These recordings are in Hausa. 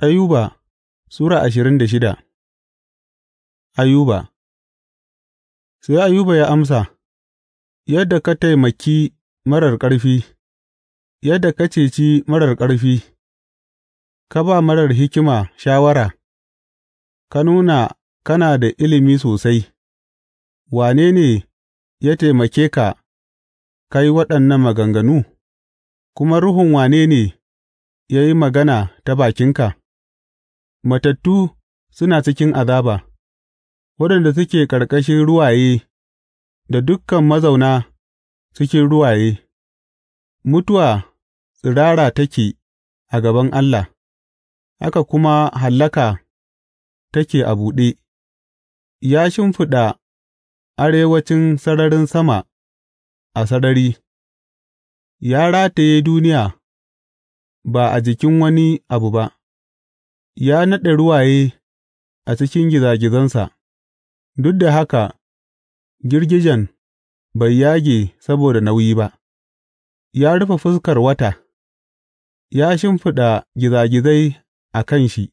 Ayuba Sura ashirin da shida Ayuba Sai Ayuba ya amsa, Yadda ka taimaki marar ƙarfi, yadda ka ceci marar ƙarfi, ka ba marar hikima shawara, ka nuna kana da ilimi sosai, wane ne ya taimake ka ka yi waɗannan maganganu, kuma ruhun wane ne ya yi magana ta bakinka? matattu suna cikin azaba, waɗanda suke ƙarƙashin ruwaye da dukan mazauna cikin ruwaye, mutuwa tsirara take a gaban Allah, haka kuma hallaka take a buɗe, ya shimfiɗa arewacin sararin sama a sarari, ya rataye duniya ba a jikin wani abu ba. Ya naɗe ruwaye a cikin gizagizansa, duk da haka girgijen bai yage saboda nauyi ba; ya rufe fuskar wata, ya shimfiɗa gizagizai a kan shi,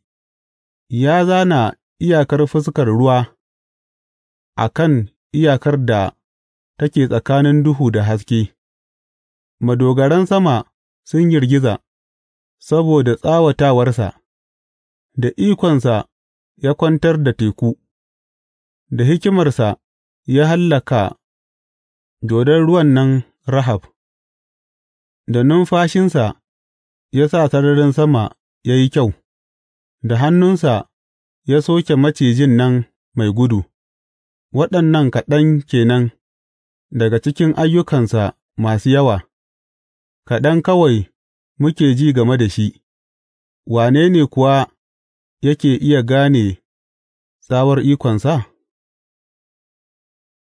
ya zana iyakar fuskar ruwa a kan iyakar da take tsakanin duhu da haske; madogaran sama sun girgiza saboda tsawatawarsa. Da ikonsa ya kwantar da teku, da hikimarsa ya hallaka dodon ruwan nan Rahab, da numfashinsa ya sa sararin sama ya yi kyau, da hannunsa ya soke macijin nan mai gudu, waɗannan kaɗan kenan daga cikin ayyukansa masu yawa, kaɗan kawai muke ji game da shi, wane ne kuwa yake iya gane tsawar ikonsa?